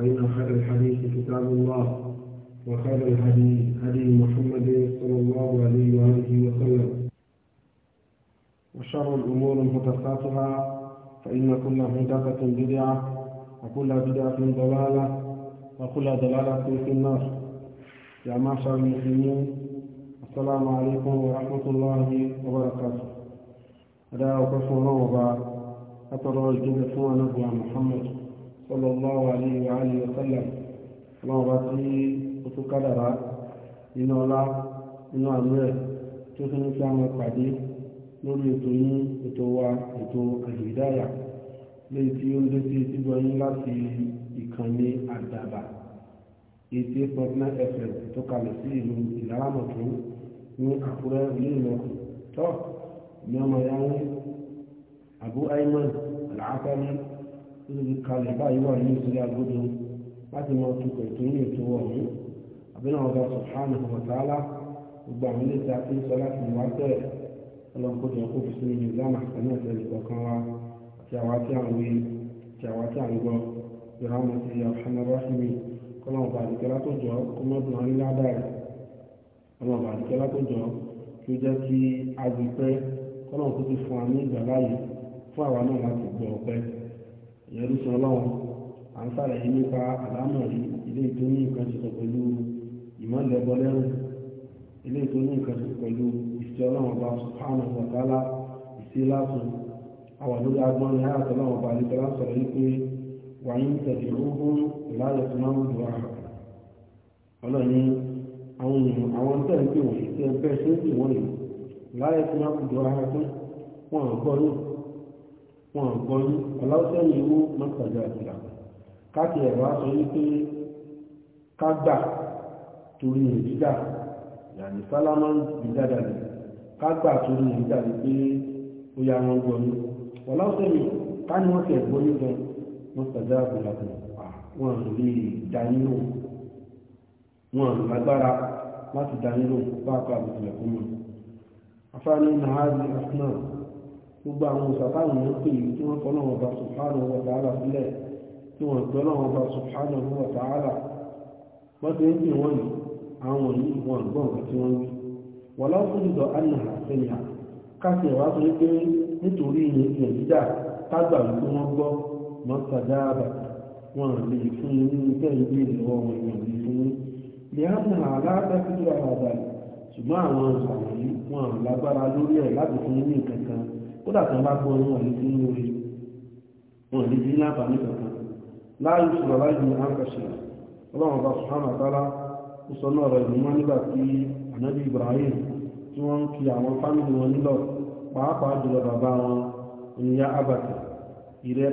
فإن خير الحديث كتاب الله وخير الهدي هدي محمد صلى الله عليه وآله وسلم وشر الأمور محدثاتها فإن كل محدثة بدعة وكل بدعة ضلالة وكل ضلالة في النار يا معشر المسلمين السلام عليكم ورحمة الله وبركاته أدعوكم الله وبعد أترى الجنة محمد sallallahu alaihi wa alihi wa sallam ọlọ́run bá tí ó tún kádàrá iná ọlá iná àánú ẹ̀ tó tún ní kí a máa pàdé lórí ètò yín ètò wa ètò àlùdáyà léyìí tí Abu Aiman al-Asari lórí kalẹ̀ báyìí wà ní ìsúlẹ̀ agbódò láti mọ tukọ̀ ètò ní ètò ọ̀hún àbínú ọ̀dọ̀ sọ̀hánù ọ̀tàlá gbogbo àwọn ilé tí a ti ń sọ láti wá bẹ́ẹ̀ ọlọ́nkójọ kó fi sínú ìlànà àtẹnú ìtẹ̀lẹ̀ kọ̀ọ̀kan wa àti àwa tí à ń wí àti àwa tí à ń gbọ́ yọ̀rọ̀ àmọ̀ sí alhamdu rahimi kọ́lọ́n bàdìkẹ́ bàdìkẹ́ látọ̀jọ́ kí ó ìyẹn sọ ọlọ́run à ń sàlàyé nípa àlámọ̀rí ilé tó ní nǹkan ṣe pẹ̀lú ìmọ̀lẹ́bọ lẹ́rù ilé tó ní nǹkan ṣe pẹ̀lú ìṣẹ́ ọlọ́run ọba subhanahu wa ta'ala ìṣe lásán àwọn lórí agbọ́n ní àyàtọ̀ ọlọ́run ọba àdìsọ́lá sọ̀rọ̀ wípé wàyí ń tẹ̀lé ogún ìláyọ̀ tó máa ń dùn àrà ọlọ́ni àwọn èèyàn àwọn tẹ́ ń pè wọ́n tẹ́ bẹ́ẹ̀ ṣe ń pè wọ́n yìí láyọ̀ tó máa ń dùn àrà wọn gbọ́n ọlọ́sẹ̀ yìí wó mọ́tàjọ́ àtìrà káàkiri ẹ̀rọ aṣọ wípé ká gbà torí ìdídà yàní sálámà ìdídàdà rẹ̀ ká gbà torí ìdídà rẹ̀ pé ó yá wọn gbọ́n ọlọ́sẹ̀ yìí ká ní wọ́n ti ẹ̀gbọ́n yìí gan mọ́tàjọ́ àtìrà kan wọn lè dá yín lò wọn lágbára láti dá yín lò bá a kọ́ àbùkù ẹ̀kọ́ mọ́ afáàní nàá àti asnáà gbogbo àwọn òṣàtàwọn ahu pè tí iwu tọ́nà ọba subhanahu wa ta'ala sílẹ̀ tí ti ń pè wọ́n yìí àwọn yìí wọ́n gbọ́n nǹkan tí wọ́n wí wọ́n lọ́kùn ìdọ̀ ànàhà sẹ́yà káṣí ẹ̀wá tó ń pé nítorí ìyẹn jíjà tágbà wípé wọ́n gbọ́ mọ́tàdáàbà wọn lè fún yín nínú bẹ́ẹ̀ lè kódà tó ń bá gbọ́ wọn ní sínú orí wọn ní sí láǹfààní kankan láàyè sọ̀rọ̀ láì ní àǹkàṣe ọlọ́run bá náà rẹ̀ nígbà tí ànábì Ibrahim pàápàá jùlọ bàbá wọn ìyá abàtà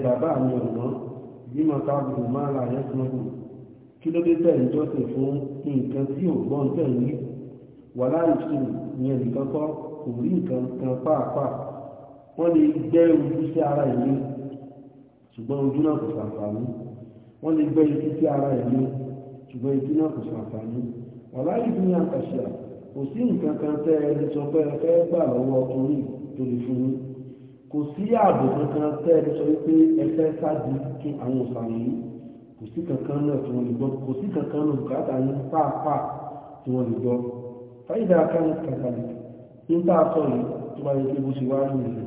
bàbá ọ̀nà máa là yẹn fún kí ló dé tẹ̀ ń fún nǹkan tí ò gbọ́n tẹ̀ wọ́n lè gbẹ́ ojú sí ara ìlú ṣùgbọ́n ojú náà kò ṣàǹfààní wọ́n lè gbẹ́ etí sí ara ìlú ṣùgbọ́n etí náà kò ṣàǹfààní ọ̀la ìlú ní àkàṣà kò sí nǹkan kan tẹ́ ẹni sọ pé ẹ fẹ́ gbà lọ́wọ́ ọkùnrin tó lè fún yín kò sí ààbò kankan tẹ́ ẹni sọ pé ẹ fẹ́ sáàdì kí àwọn òṣàlù yìí kò sí kankan náà tí wọ́n lè gbọ́ kò sí kankan náà bùkátà yín pàápàá tí wọ́n lè gbọ́ fáyidà kan kàkàlì nígbà sọ yìí tó bá yẹ kí bó ṣe wá ní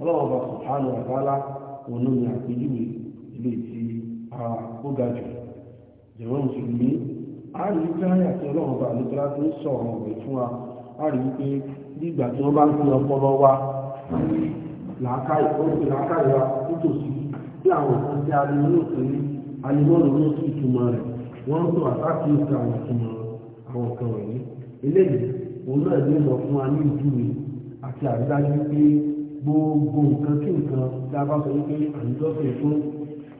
ọlọ́wọ́ bá sọ̀hánù àbálá òun ni àpèjúwe ilé tí ó ga jù jẹ̀rọ mùsùlùmí a rí pé àyà tó ń fún wa a rí nígbà tí wọ́n bá ń pín ọpọlọ wa nítòsí àwọn òkú tí a lè ní òkèlè alimọ́nù ló sì túmọ̀ rẹ̀ wọ́n ń sọ àtàkì ìta àwọn ìtumọ̀ àwọn kan wọ̀nyí eléyìí òun náà lọ fún gbogbo nǹkan kí nǹkan tí a bá sọ wípé àyíjọ́sìn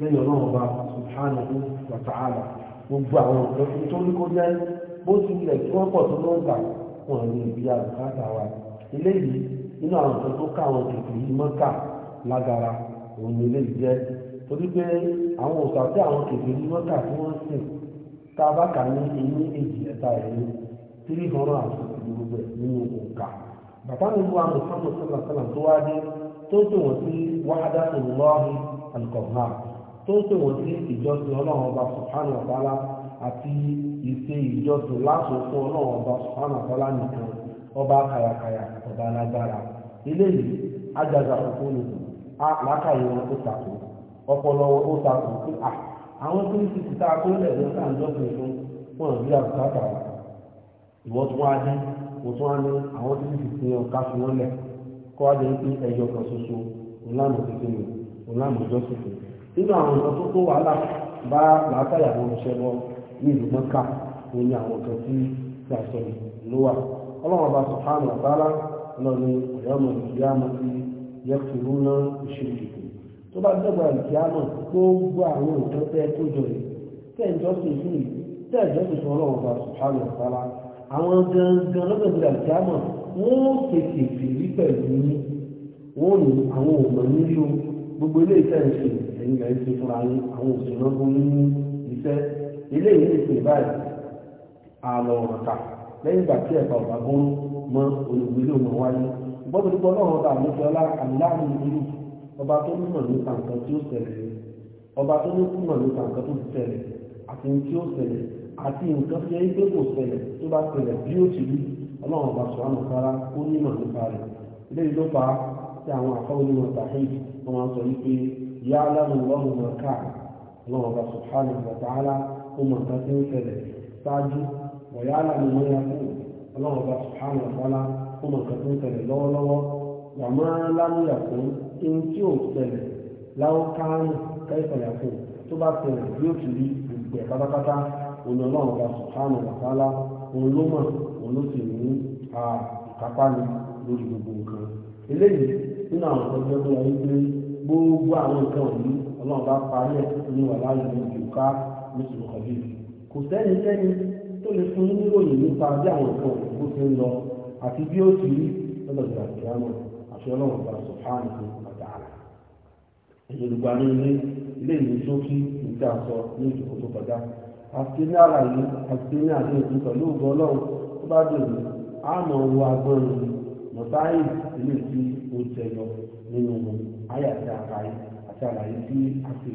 lẹ́yìn ọba subhanahu wa ta'ala gbogbo àwọn nǹkan tó tó ní kó jẹ́ bó ti ilẹ̀ wọ́n pọ̀ tó gbà ní àbùkátà wa eléyìí nínú àwọn nǹkan tó ká àwọn tètè yìí lágara òun ni eléyìí jẹ́ torí pé àwọn tí àwọn tètè yìí tí wọ́n sìn bàbá mi wà Muhammad sallallahu alaihi wasallam tó wá dé tó ń pè wọ́n sí wáhádà ìlọ́ọ̀hìn alkọ̀ọ̀nà tó ń sí ìjọsìn ọlọ́run ọba subhanahu wa àti ìṣe ìjọsìn láṣọ fún ọlọ́run ọba subhanahu wa nìkan ọba kàyàkàyà ọba alágbára eléyìí a làákàyè wọn ó takò ọpọlọ wọn ó takò pé àwọn tó ń òtún á ní àwọn tó ti fi ọ̀ká fi wọ́n lẹ̀ kọ́ wá jẹ́ pé ẹyọ kan ṣoṣo ìlànà tuntun ni ìlànà nínú àwọn tó kó wàhálà bá làákàyà àwọn lọ ní ìlú mọ́ká òun ni àwọn kan tí ló wà ọlọ́run ọba ti tó bá gbogbo àwọn tó jọ yìí tẹ́ àwọn gangan lọ́gbẹ̀dẹ̀ àjámọ̀ wọ́n tètè fèrí pẹ̀lú yín wọ́n ní àwọn òmọ̀ nílé o gbogbo ilé iṣẹ́ ìṣe ẹ̀yìn rẹ̀ ti fúnra yín àwọn òṣèlú ọgbọ́n ní iṣẹ́ ilé yìí lè pè báyìí àlọ́ ọ̀rọ̀ta lẹ́yìn ìgbà tí ẹ̀ka ọ̀gá gbọ́n mọ́ olùgbélé ọmọ wáyé gbọ́dọ̀ nípa ọlọ́run ọba àmúfẹ́ọ́lá àmúláàmú ìlú ọba tó ọba tó nímọ̀ àti nǹkan tó yẹ pé kò ṣẹlẹ̀ tó bá ṣẹlẹ̀ bí ó ti rí ọlọ́run ọba sọ̀rọ̀ nìkara ó nímọ̀ nípa rẹ̀ eléyìí ló fa tí àwọn àfọwọ́ onímọ̀ tàhíì wọn máa ń sọ wípé ìyá aláwọ̀ ọlọ́run náà ká ọlọ́run ọba sọ̀rọ̀ nìkara ó mọ̀ nǹkan tí ń ṣẹlẹ̀ ṣáájú wọ̀yá aláwọ̀ fún ọlọ́run ọba ó mọ̀ nǹkan tí lọ́wọ́lọ́wọ́ òun ọlọ́run bá sùkánù wàtálá òun ló mọ̀ òun ló sì ní ìkápá ni lórí gbogbo nǹkan eléyìí nínú àwọn tó jẹ́ pé gbogbo àwọn nǹkan yìí ọlọ́run parí ẹ̀ ní wàhálà yìí ní mùsùlùmí kọ̀bí kò sẹ́ni sẹ́ni tó lè fún nípa bí àwọn nǹkan ti ń lọ àti bí ó ti rí lọ́dọ̀ ìgbà àti àti ní àlàyé àti ní àdéhùn pẹ̀lú ògbọ́ ọlọ́run tó bá dèrò àmọ́ wo agbọ́n rẹ̀ mọ̀táyì ilé tí ó jẹyọ nínú ayé àti àkàyè àti àlàyé tí a fi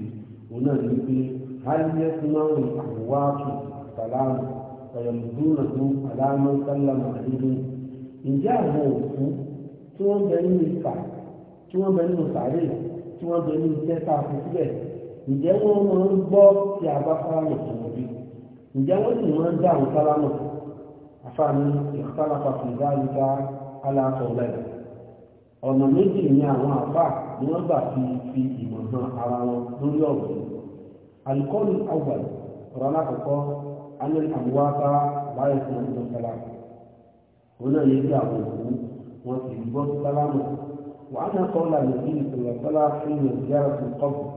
òun náà ní pé ayé tí máa ń àwòwá tù sàlámù ọ̀yọ̀mùdúnà tó àlámọ́ sálámù àdúgbò ǹjẹ́ àwọn òkú tí wọ́n bẹ nínú ìfà tí wọ́n bẹ nínú sàárè tí wọ́n bẹ nínú tẹ́ta àfi síbẹ̀ ǹjẹ́ wọ́n máa ń gbọ́ tí a bá sálámù tó ǹjẹ́ wọ́n sì máa ń dá àwọn sálámà àfààní ìsálápà fún ìdáríta aláàtọ̀lẹ̀ ọ̀nà méjì ní àwọn àfà ni wọ́n gbà fi fi ìmọ̀ hàn ara wọn lórí ọ̀rọ̀ yìí alikọ́lù awal ọ̀rọ̀ alákọ̀ọ́kọ́ anil àbúwáta láyé fún ọdún sálámà wọn náà yẹ kí àwọn òkú wọn sì gbọ́ sálámà wàá náà kọ́ ọ́ làlẹ́ sí ìṣòro sálámà fún ìyẹn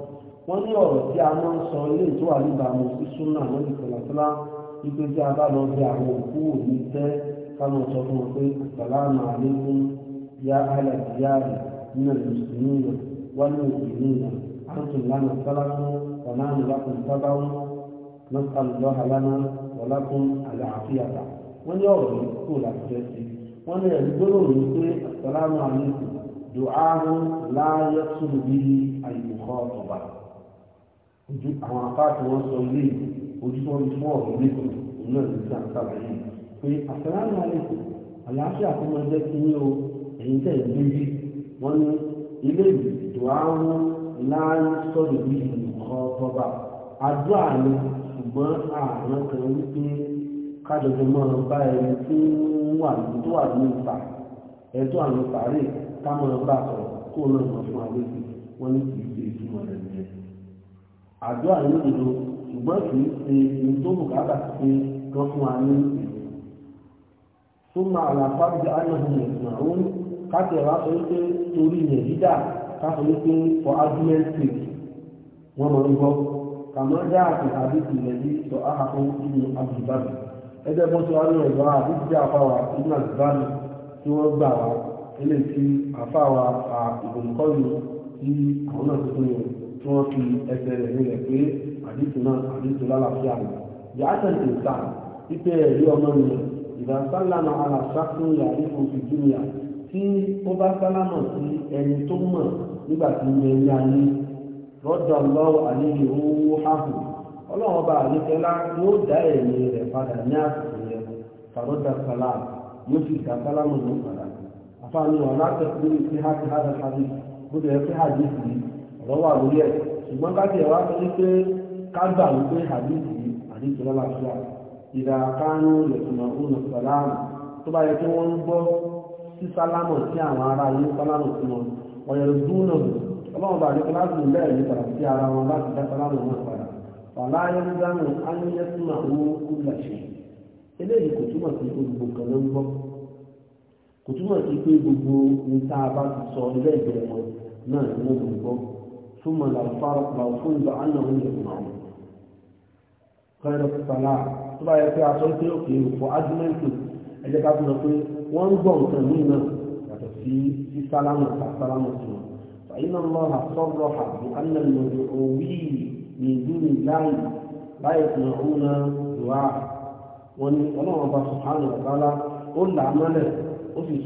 wọ́n ní ọ̀rọ̀ tí a máa ń sọ ilé tó wà níbàámu sí súnà lórí wípé tí a bá lọ bí àwọn òkú òní tẹ́ káwọn sọ fún wọn pé sàlámà àlékún yá alàdíyàrì nínú ìmùsùlùmí náà wọ́n ní ìdílé náà àǹtùn lánàá sálákún ọ̀nà àmìlákùn sábáwọ́ lọ́sàlùlọ́hà lánàá wọ́lákùn àlàáfíàtà wọ́n ní ọ̀rọ̀ yìí kò làbújẹ́ sí wọ́n ní ẹ̀rí gbólóhùn pé ojú àwọn apáàtì wọn sọ ilé ojú tó ń mú ọ̀rọ̀ lẹ́kọ̀ọ́ òun náà nígbà sábà yìí pé àfẹ́ránù àlẹ́kọ̀ àlàáfíà tó máa jẹ́ kí ní o ẹ̀yìn tẹ̀ níbi wọ́n ní ilé ìdò àrùn láàrín sọ̀rọ̀ bí nǹkan tọ́ba àdúrà ni ṣùgbọ́n àrùn kan wípé kájọjọ máa bá ẹni tí ń wà ní tó wà ní ìta ẹ̀tọ́ àmì pàrẹ̀ ká máa bá sọ̀rọ̀ kó náà mọ̀ fún àlejò àjọ àyíkòdò ṣùgbọ́n kì í ṣe ní tó bùkátà ṣe kan fún wa ní ìlú súnmọ́ àlàfà bí na ìgbà òun káàkiri ẹ̀rọ aṣọ wípé torí ilẹ̀ dídà káàkiri wípé for argument sake wọ́n mọ̀ gbọ́ kàmọ́ dá àti ilẹ̀ sọ nínú ẹgbẹ́ bó ti wá ní nínú tí wọ́n gbà wá eléyìí tí àwọn náà tí wọ́n fi ẹsẹ̀ rẹ̀ nílẹ̀ pé àdìsù náà àdìsù lálàáfíà rẹ̀ yàtọ̀ ní ìta pípẹ́ ẹ̀rí ọmọ mi ìgbà sálámà aláṣákùn yàrí fún ìdúnyà tí ó bá sálámà sí ẹni tó mọ̀ nígbà tí ń yẹ ní ayé rọ́dà lọ́wọ́ àlejò owó háhù ọlọ́run ọba àlékẹ́lá ni ó dá ẹ̀mí rẹ̀ padà ní àsìkò fàrọ́dà sálámà yóò sì ẹ̀kọ́ wà lórí ẹ̀ ṣùgbọ́n ká tiẹ̀ wá sọ wípé ká gbà wípé àdìsí àdìsí lọ́làṣúà ìdá kánú lẹ̀kùnà òun sàlámù tó bá yẹ kí wọ́n ń gbọ́ sí sálámù sí àwọn ará ilé sálámù sí wọn ọ̀yẹ̀rù dúnà ọlọ́run bá ní kíláàsì bẹ́ẹ̀ ní padà sí ara wọn láti dá sálámù wọn padà ọ̀la ayélujára ayélujára owó kúlàṣẹ eléyìí kò túmọ̀ sí gbogbo kan ló ń gbọ́ kò túmọ̀ sí pé gbogbo ní tá a bá ti sọ ilé ìgbẹ́ wọn náà ni wọ́n gbọ́ na ụe aọke le kwe a ọụ ha iaa a aa ụlaaoei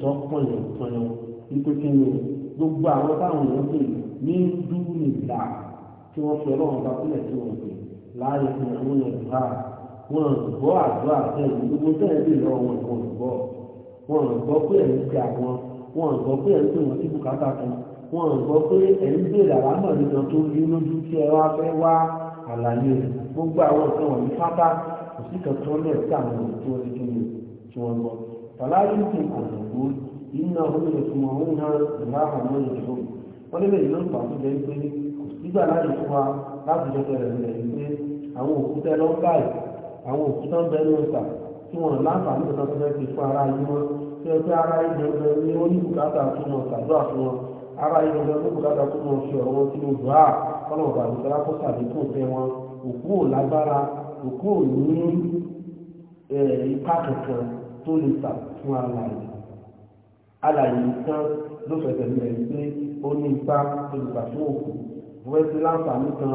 uaa ahụ na ní dúró nìgbà tí wọ́n fi ọlọ́run bá sílẹ̀ tí wọ́n pè láàyè fún àwọn ẹ̀fà wọn gbọ́ àjọ àtẹ̀yìn gbogbo tẹ́lẹ̀ lè lọ wọn kò gbọ́ wọn gbọ́ pé ẹ̀ ń ṣe àwọn wọn gbọ́ pé ẹ̀ ń pè wọ́n sí bùkátà kan wọn gbọ́ pé ẹ̀ ń béèrè àlámọ̀ nígbà tó rí lójú tí ẹ wá fẹ́ wá àlàyé gbogbo àwọn nǹkan wọ̀nyí pátá kò sí kankan lẹ̀ sí àwọn ọ̀rọ̀ tí wọ́n ti kí ni tí wọ́n gbọ́. Fàlàyé ń pè àlọ́ wọ́n lé lẹ́yìn lórí pàtó jẹ́ pé kò sígbà láti fún wa láti jọ pẹ̀lẹ́ rẹ̀ ní pé àwọn òkúta ẹ̀ lọ́ọ́ báyìí àwọn òkúta ń bẹ ní ọ̀sà tí wọ́n láǹfààní kankan tó fẹ́ fi fún ara yìí wọn tí ẹ pé ara yìí gbẹgbẹ ní ó ní bùkátà fún wọn ṣàdúrà fún wọn ara yìí gbẹgbẹ ní bùkátà fún wọn fi ọ̀rọ̀ wọn sínú dùá kọ́nà ọ̀gá àdìsára kó sàdékù fẹ́ wọn òkú ò lágbára òkú ò ní ipa kankan tó lè sà fún alàyè alàyè nǹkan ló fẹsẹ̀ lẹ́yìn pé ó ní ipa olùgbà tó òkú wọ́n ti láǹfààní kan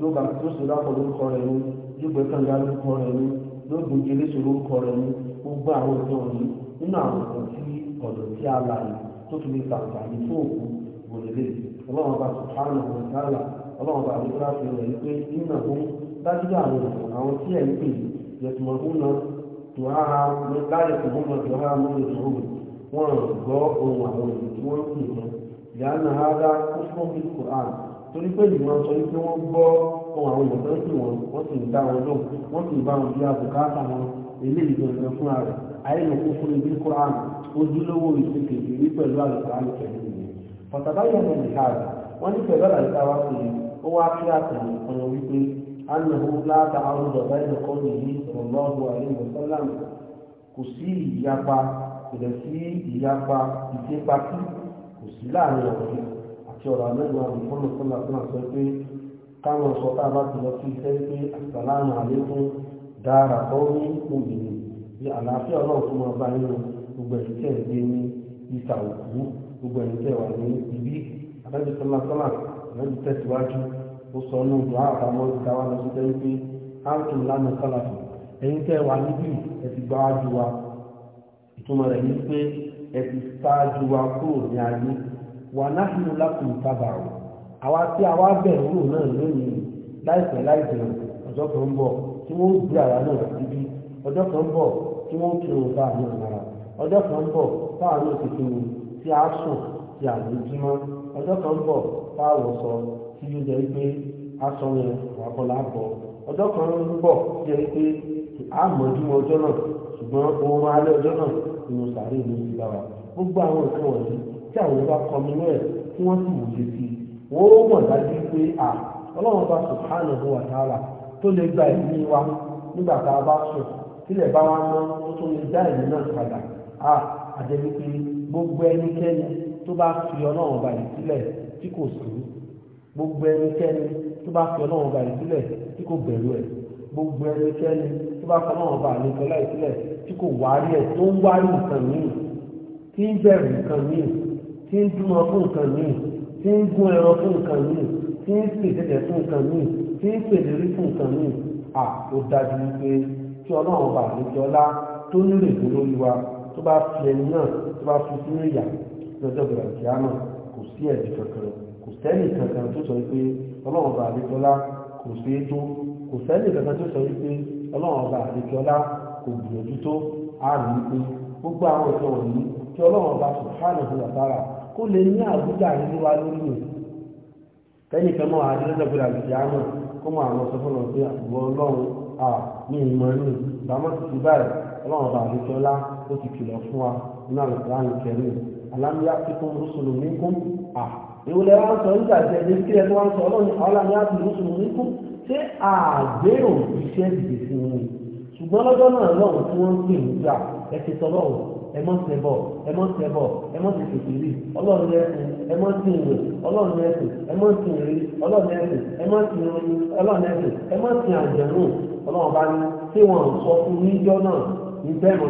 yóò bá tó ṣe lápọ̀ lórúkọ rẹ̀ ní yóò gbé kànga lórúkọ rẹ̀ ní yóò gbòjì eléṣe lórúkọ rẹ̀ ní gbogbo àwọn ìtàn yìí nínú àwọn ọ̀dọ̀ tí ọ̀dọ̀ tí a là yìí tó fi lè ṣàǹfààní fún òkú wòlélẹ̀ ọlọ́run bá sùpánà wọn sálà ọlọ́run bá àdúrà fi rẹ̀ wípé nínà fún dájúdá àwọn àwọn tí ẹ̀ ń pè yẹtùmọ̀ fún náà tó á láyẹ̀ fún mọ́ tó á mọ́ ìṣòro wọn gbọ́ ohun ìyáàna ara kúfọ́ fi Qur'an torí pé ìwọ̀n sọ wípé wọ́n gbọ́ ohun àwọn èèyàn tó ń pè wọ́n wọ́n sì ń dá wọn lóhùn wọ́n sì ń bá wọn bí abùkátà wọn eléyìí gangan fúnra rẹ̀ àyẹ̀lò kúfọ́ ní bí Qur'an ojúlówó ìsìnkè ìrírí pẹ̀lú àlùkùránì pẹ̀lú ìyẹn pàtàkì yẹn ìhàrà wọ́n ní pẹ̀lú àlùkà wá kò sí láàrin ọ̀rọ̀ àti ọ̀rọ̀ àmẹ́gbọ̀n àbùkọ́nù sọ́lá tó náà sọ pé káwọn sọ tá a bá ti lọ sí iṣẹ́ pé àsàlámù àlékún dára tó ní òmìnir ní àlàáfíà ọlọ́run tó máa bá nínú gbogbo ẹ̀yìn tẹ̀ ń gbé ní ìta òkú gbogbo ẹ̀yìn tẹ̀ wà ní ibi àdájọ sọ́lá sọ́lá àdájọ tẹ̀síwájú ó sọ ní ìlú àbámọ́ ìdáwà lọ sí sẹ́yìn pé áńtùm lánàá sálàfù ẹ̀yìn tẹ̀ wà níbí ẹ̀ gbáwájú wa ìtumọ̀ rẹ̀ ní pé ẹ ti ṣáájú wa kúrò ní ayé wà nahnu lakum taba'u àwa tí àwa bẹ̀rù rò náà lónìí láìpẹ́ láìpẹ́ ọjọ́ kan ń bọ̀ tí wọ́n gbé àwa náà síbí ọjọ́ kan ń bọ̀ tí wọ́n kí òun bá àwọn ìmọ̀ra ọjọ́ kan ń bọ̀ táwọn náà ti fi wù tí a sùn tí a lè jí mọ́ ọjọ́ kan ń bọ̀ táwọn sọ tí yóò jẹ́ pé aṣọ yẹn wà kọ́ láàbọ̀ ọjọ́ kan ń bọ̀ jẹ́ pé àmọ́jú ọjọ́ náà ṣùgbọ́n òun alẹ́ ọjọ́ náà inú sàárè ló ti bá wa gbogbo àwọn nǹkan wọ̀nyí tí àwọn ọba kọmi náà tí wọ́n sì wòye sí wọ́n ó mọ̀ dájú pé à ọlọ́run bá subhanahu wa ta'ala tó lè gba ẹ̀mí wa nígbà tá a bá sùn tílẹ̀ bá wa mọ́ ó tún lè dá ẹ̀mí náà padà à àjẹbí pé gbogbo ẹnikẹ́ni tó bá fi ọlọ́run ọba yìí sílẹ̀ tí kò sí gbogbo ẹnikẹ́ni tó bá fi ọlọ́run ọba yìí sílẹ̀ tí kò bẹ̀rù ẹ̀ gbogbo ẹnikẹ́ni tó bá fi ọlọ́run ọba yìí sílẹ̀ tí kò wárí ẹ̀ tó ń wárí nǹkan míì tí ń bẹ̀rù nǹkan míì tí ń dúnmọ́ fún nǹkan míì tí ń gún ẹran fún nǹkan míì tí ń pèsè fún nǹkan míì tí ń pèlérí fún nǹkan míì à ó dájú wípé tí ọlọ́run bá àlejọ́lá tó nílò èdè lórí wa tó bá fi ẹni náà tó bá fi sínú ìyà lọ́jọ́ bẹ̀rẹ̀ kíá náà kò sí ẹ̀dì kankan kò sẹ́ni kankan tó sọ wípé ọlọ́run bá àlejọ́lá kò sí é kò sẹ́ni kankan tó sọ wípé ọlọ́run bá àlejọ́lá kò gbìyànjú tó àrùn pé gbogbo àwọn ìṣe wọ̀nyí tí ọlọ́run bá subhanahu wa ta'ala kó lè ní àbújá nínú wa lórí rẹ̀ tẹ́yìn kan náà adúlọ́dọ̀gbọ̀dà lùdí àmọ́ kó mọ àwọn sọ fún ọ̀sẹ̀ àbúrò ọlọ́run a ní ìmọ̀ ní ìbámọ́ ti ti báyìí ọlọ́run bá àlejò ọlá ó ti kìlọ̀ fún wa nínú àlùkò àrùn kẹrin alámúyá tí kò rúṣùlù mí kún à ìwòlẹ̀ wa ń sọ nígbà tí ẹni kí ẹ tó wá ń sọ ọlọ́run alámúyá tí rúṣùlù kún ṣé àgbé òbí ṣẹ́ ṣùgbọ́n lọ́jọ́ náà lọ́wọ́ tí wọ́n ń pè ní gbà ẹ ti sọ lọ́wọ́ ẹ mọ́ ṣe bọ̀ ẹ mọ́ ẹ mọ́ ọlọ́run ẹ mọ́ ìwé ọlọ́run ẹ mọ́ ọlọ́run ẹ mọ́ ọlọ́run ẹ mọ́ ọlọ́run bá ní tí wọ́n sọ fún níjọ́ náà ní bẹ́ẹ̀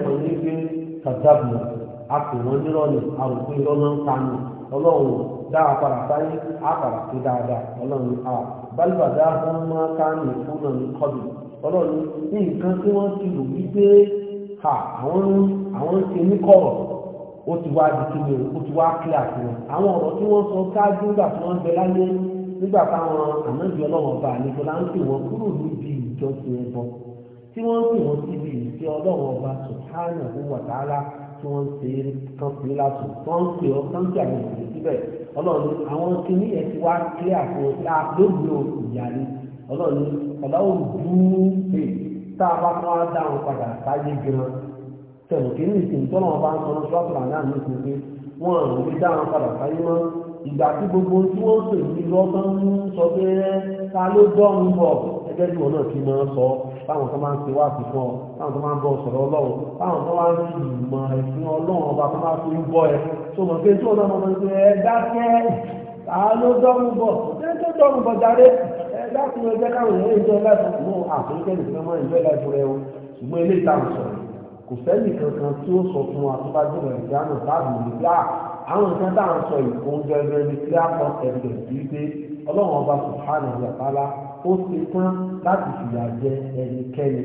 mọ̀tọ́ ọlọ́run ní nǹkan tí wọ́n ti rò wípé àwọn àwọn ti ní kọ̀rọ̀ ó ti wá di kíni ó ti wá kílẹ̀ àti wọn àwọn ọ̀rọ̀ tí wọ́n sọ káájú nígbà tí wọ́n ń bẹ láyé nígbà táwọn ànájú ọlọ́run ọba àlejò là ń pè wọ́n kúrò níbi ìjọsìn ẹ̀bọ tí wọ́n ń pè wọ́n síbi ìṣe ọlọ́run ọba subhanahu wa ta'ala tí wọ́n ń ṣe kan pè látò wọ́n ń pè ọ́ kán jà ní ìdílé síbẹ̀ ọlọ́run àwọn kìnìyẹ ti wá kílẹ̀ àti wọn lóògbé ọlọ́run ọ̀làwọ̀ dúró pé e. tá a bá fún wa dáhùn padà sáyé gan tẹ̀lé kínní ìsìn tọ́nà ọba ń sọ̀rọ̀ sọ́ọ̀tù àná àmì ìsìn pé wọ́n àwọn òbí dáhùn padà sáyé mọ́ ìgbà tí gbogbo tí wọ́n pè ní lọ́gbọ́n ń sọ pé ta ló dọ́rùn bọ̀ ẹgbẹ́ tí wọn náà ti máa sọ táwọn tó máa ń ṣe wá sí fún ọ táwọn tó máa ń bọ sọ̀rọ̀ ọlọ́run táwọn tó máa ń fi ìmọ̀ ẹ̀sìn ọlọ́run ọba tó máa fi ń bọ ẹ tó mọ̀ pé tí wọn náà máa ń ṣe ẹ dákẹ́ ta ló dọ́rùn bọ̀ ẹ tó dọ́rùn bọ̀ jáde lákùn ẹgbẹ́ káwọn èèyàn ìjọ láìpẹ́ mú àfẹ́kẹ́ nìkan mọ́ ìjọ láìpẹ́ rẹ o ṣùgbọ́n ilé ìta ń sọ̀rọ̀ kò sẹ́ni kankan tí ó sọ fún wa tó bá dé ìrìn ìjà náà táàbù ní bí àwọn nǹkan tá à ń sọ yìí fún gẹ́gẹ́ ní clear cut evidence yìí pé ọlọ́run ọba subhanahu wa ó ṣe tán láti fìyà jẹ ẹnikẹ́ni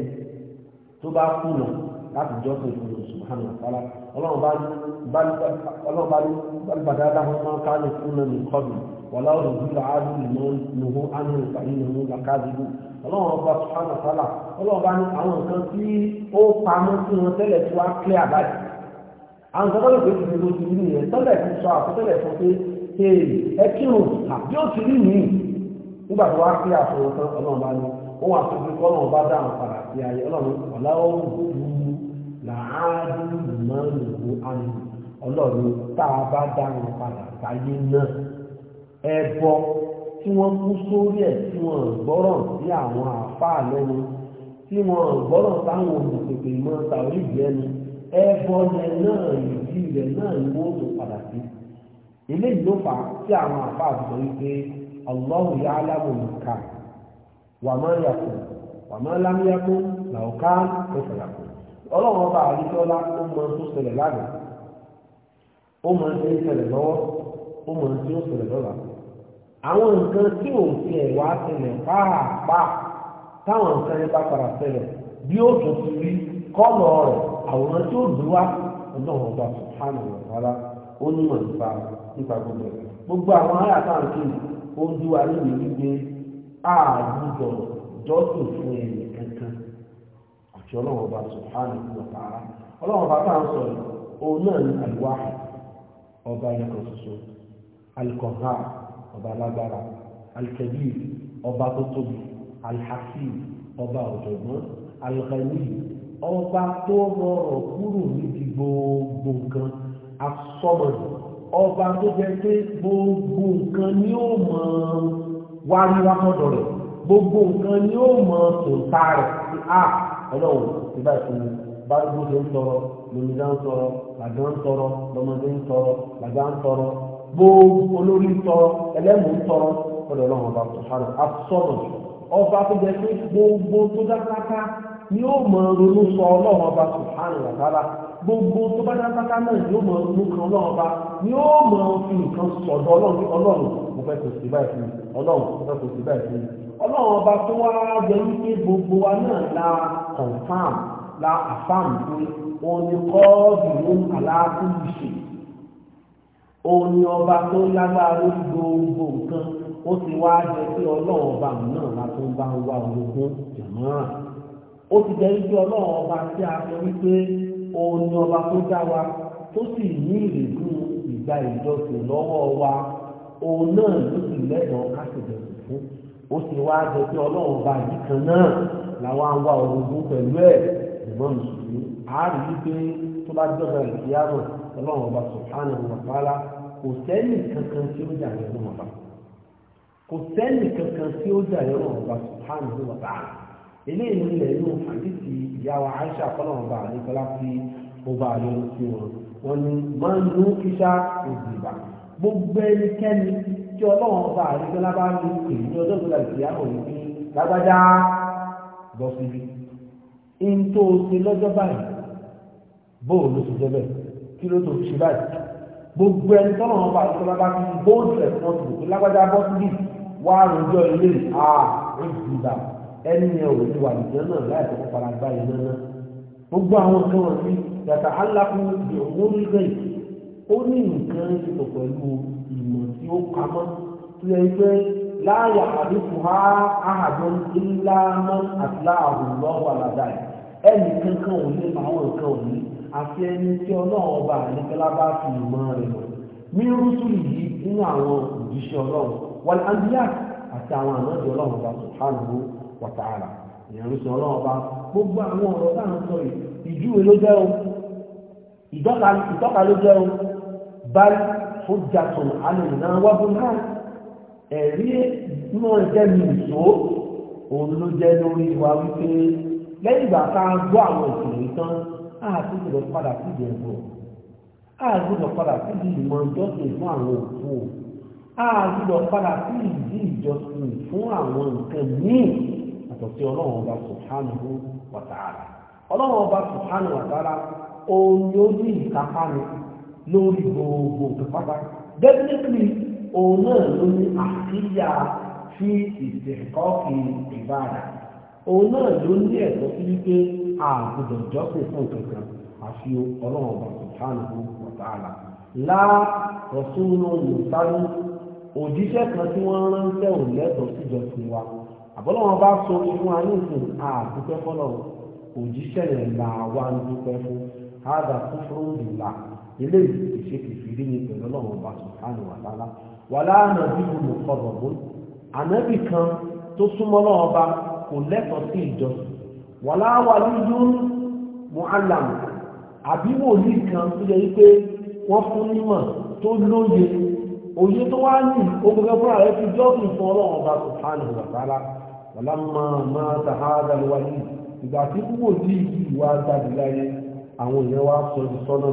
tó bá kùnà láti jọ́ sí ìlú ṣùgbọ́n àtàlà ọlọ́run bá ní gbàdá dáhùn máa ká ní fún mi kọ́bì wà láwọn òbí là á dùn ìmọ̀ nùhún ánú ìpàdé nùhún làkàdìbò ọlọ́run ọba ṣùgbọ́n àtàlà ọlọ́run bá ní àwọn nǹkan tí ó pamọ́ sí wọn tẹ́lẹ̀ tí wàá kílẹ̀ àbáyé àwọn nǹkan tọ́lẹ̀ pé ti fi lójú nínú yẹn tọ́lẹ̀ ti ó wà tó fi kọ́ náà bá dáhùn padà sí ayé ọlọ́run ọ̀làwọ́ òdu làádùn mọ́ lòó àná ọlọ́run tá a bá dáhùn padà sáyé náà ẹ̀bọ tí wọ́n kú sórí ẹ̀ tí wọ́n gbọ́ràn sí àwọn àfáà lẹ́nu tí wọ́n gbọ́ràn sáwọn olùpèpè mọ́ tàwí ìgbẹ́ni ẹ̀bọ yẹn náà ìdí rẹ̀ náà ni wọ́n tó padà sí eléyìí ló fà á tí àwọn àfáà sọ wípé ọlọ́run yá aláwọ̀ wàmọ́ yàtọ̀ wàmọ́ lámúyàtọ̀ làwùká ẹ̀fẹ̀ yàtọ̀ ọlọ́run ọba àríṣọ́lá ó mọ tó ṣẹlẹ̀ lánàá ó mọ tí ó ṣẹlẹ̀ lọ́wọ́ ó mọ tí ó ṣẹlẹ̀ lọ́la àwọn nǹkan tí ò fi ẹ̀wà ṣẹlẹ̀ pàápàá táwọn nǹkan yẹn bá padà ṣẹlẹ̀ bí ó tún ti rí kọ́lọ̀ rẹ̀ àwòrán tí ó dùn wá ọlọ́run ọba sùhánù ọ̀tàlá ó nímọ̀ nípa nípa gbogbo ẹ̀ gbogbo àwọn aráàlú àti ó ń dúwa níbi gbígbé àgbùdọ̀ jọ́sìn fún ẹnì kankan àti ọlọ́run ọba subhanahu wa ta'ala ọlọ́run ọba tá à ń sọ yìí òun náà ní àlùwáhà ọba ẹ̀kan ṣoṣo alikọ̀ha ọba alágbára alikẹ́bí ọba tó tóbi alhakim ọba ọ̀jọ̀gbọ́n alghani ọba tó rọrọ̀ kúrò níbi gbogbo nǹkan asọ́mọ̀dù ọba tó jẹ́ pé gbogbo nǹkan ni ó mọ̀ ọ́n wá ní wá tọ́jọ́ rẹ̀ gbogbo nǹkan ni ó mọ tòǹta rẹ̀ sí ah, a ọlọ́run ti bá ìfún mi bá gbogbo ṣe ń sọ̀rọ̀ lòmìnira ń sọ̀rọ̀ làgbà ń sọ̀rọ̀ lọmọdé ń sọ̀rọ̀ làgbà ń sọ̀rọ̀ gbogbo olórí ń sọ̀rọ̀ ẹlẹ́mù ń sọ̀rọ̀ ọ̀dọ̀ ọlọ́run ọba sọ̀rọ̀ asọ̀rọ̀ ọba tó jẹ pé gbogbo tó dá pátá ni ó mọ ronú sọ ọlọ́run ọba sọ̀rọ̀ àtàlà gbogbo tó bá dá pátá náà yóò mọ mú kan ọlọ́run bá yóò mọ fi nǹkan sọ̀dọ̀ ọlọ́run ọlọ́run mo fẹ́ kò sí báyìí fún mi ọlọ́run mo fẹ́ kò sí báyìí fún mi ọlọ́run ọba tó wá jẹ wípé gbogbo wa náà la confam la affam pé òun ni kọ́ọ̀dù ló ń àlàáfíì ṣe òun ni ọba tó lágbára lórí gbogbo nǹkan ó ti wá jẹ pé ọlọ́run ọba náà la tó ń bá ń wá jẹ̀mọ́ràn ó ti jẹ́ wípé ọlọ́run ọba tí a sọ wípé òun ni ọba tó dá wa tó sì ní ìrètí ìgbà ìjọsìn lọ́wọ́ wa òun náà ló sì lẹ́dọ̀ọ́ kásìdẹ̀sì fún ó sì wá jẹ pé ọlọ́run bá yìí kan náà làwọn àwa orogún pẹ̀lú ẹ̀ ìmọ̀ mùsùlùmí àárí wípé tó bá jọba ìkíyàmọ̀ ọlọ́run ọba subhanahu wa ta'ala kò sẹ́ni kankan tí ó jà yẹn lọ́wọ́ bá kò sẹ́ni kankan tí ó jà yẹn lọ́wọ́ bá subhanahu wa eléyìí nílẹ̀ inú àdìsí ìyá wa Aisha fọlọ́wọ́n bá àdékọ́lá fi ọba àyọ̀rọ̀ sí wọn wọn ni máa ń lu iṣá òdìbà gbogbo ẹnikẹ́ni tí ọlọ́wọ́n bá àdékọ́lá bá ní èyí ní ọjọ́ ìgbàlá ìyáwó yìí ní lágbájá lọ síbi ń tó o ṣe lọ́jọ́ báyìí bóòlù ló ti jẹ́ bẹ́ẹ̀ kí ló tó ṣe báyìí gbogbo ẹni tọ́lọ́wọ́n bá àdékọ́lá bá fi bóòlù rẹ̀ fún ọ lágbájá bọ́ síbi wá àròjọ ilé à òdìbà ẹni yẹn ò ní wà nìyẹn náà láì tó fara gbá iná náà gbogbo àwọn kan wọn ní yàtọ̀ alákùn di owó nígbà yìí ó ní nǹkan ṣètò pẹ̀lú ìmọ̀ tí ó pamọ́ tó yẹ pé láàyè àdínkù ha àhàjọ ńlá náà àti láàrùn lọ́wọ́ àlàdá yìí ẹnì kankan ò ní àwọn nǹkan ò àti ẹni tí ọlọ́run ọba àyíkẹ́lá bá fi ìmọ̀ rẹ̀ mọ̀ mí rúṣùlì yìí nínú àwọn òjíṣẹ́ ọlọ́run wọ́n á àti àwọn ànájọ ọlọ́run ọba subhanahu wa ta'ala ìyẹn ọlọ́run ọba gbogbo àwọn ọ̀rọ̀ tá sọ ìjúwe ló jẹ́ o ìtọ́ka ló jẹ́ o báyìí fún jàtùn alẹ́ náà náà ẹ̀rí náà jẹ́ mi ìṣó òun ló jẹ́ lórí wa wípé lẹ́yìn ìgbà tá gbọ́ àwọn ìṣòro tán àti gbọdọ̀ padà síbi ẹ̀gbọ́n àti gbọdọ̀ padà síbi ìmọ̀ ìjọ́sìn fún àwọn òkú àgbọ̀ padà sí ìdí ìjọsìn fún àwọn nǹkan míì àtọ̀ sí ọlọ́run ọba subhanahu wa ọlọ́run ọba lórí gbogbo pípátá definitely òun náà ló ní àkíyà sí ìsìnkọ́kì ìbára òun náà ló ní ẹ̀tọ́ sí wípé àgùdọ̀ jọ́sìn fún kankan àfi ọlọ́run ọba òjíṣẹ́ kan tí wọ́n ránṣẹ́ ò lẹ́tọ̀ọ́ síjọsìn wa àbọ́lọ́wọ́n bá so fún anísìn àdúpẹ́ fọ́lọ́ òjíṣẹ́ yẹn là wá ń dúpẹ́ fún ádà fún fúrúǹdìlà ilé ìṣèkìfìrí ni pẹ̀lú ọlọ́wọ́n ọba sùkánù wàlálá wàlá ànàbí gbogbo kọ̀rọ̀ bó ànábì kan tó súnmọ́ lọ́wọ́ ọba kò lẹ́tọ̀ọ́ sí ìjọsìn wàlá wàlúù mu'allam àbí wòlíì kan tó yẹ wípé wọ́n fún nímọ̀ tó lóye òye tó wá ní ogunga fúnra rẹ̀ fi jọ́sìn fún ọlọ́run ọba subhanahu wa ta'ala wàlá máa máa tàhádà wà ní ìgbà tí púpọ̀ tí ìwà jáde láyé àwọn èèyàn wá sọ di sọ́nà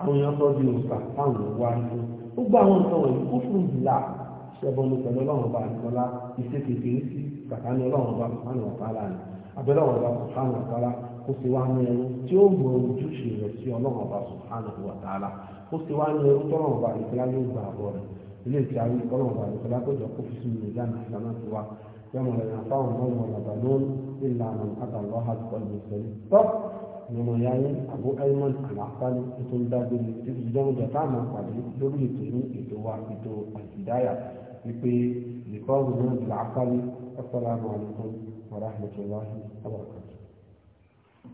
àwọn èèyàn sọ di òǹkà táwọn wá ní ó gba àwọn nǹkan wọ̀nyí ó fún ìlà ṣẹbọn ní pẹ̀lú ọlọ́run ọba àdìkọlá iṣẹ́ kékeré sí kàkání ọlọ́run ọba subhanahu wa ta'ala ni abẹ́lẹ́ ọ̀rọ̀ ọba subhanahu wa ta'ala kó sì wá ní ẹrú tí ó mọ ojúṣe rẹ̀ sí ọlọ́run ọba subhanahu wa ta'ala kó sì wá ní ẹrú tọ́lọ́run ọba àdìsọ́lá yóò gbà àbọ̀ rẹ̀ ilé ìtàrí ọlọ́run ọba àdìsọ́lá tó jọ kó fi sínú ìlànà ìlànà ti wá yọmọ rẹ̀ fáwọn ọmọ ọmọ lónìí ìlànà àtàlọ́ àdìsọ́ ìgbésẹ̀lẹ̀ tọ́ ìmọ̀ ya àbú ayman àlàáfáàní ètò ìdágbére títí jọ́mọ̀jà táàmù àpàdé lórí ètò ní ètò wa ètò àtìdáyà wípé ìkọ́ọ̀rù náà alaikum warahmatullahi wabarakatuh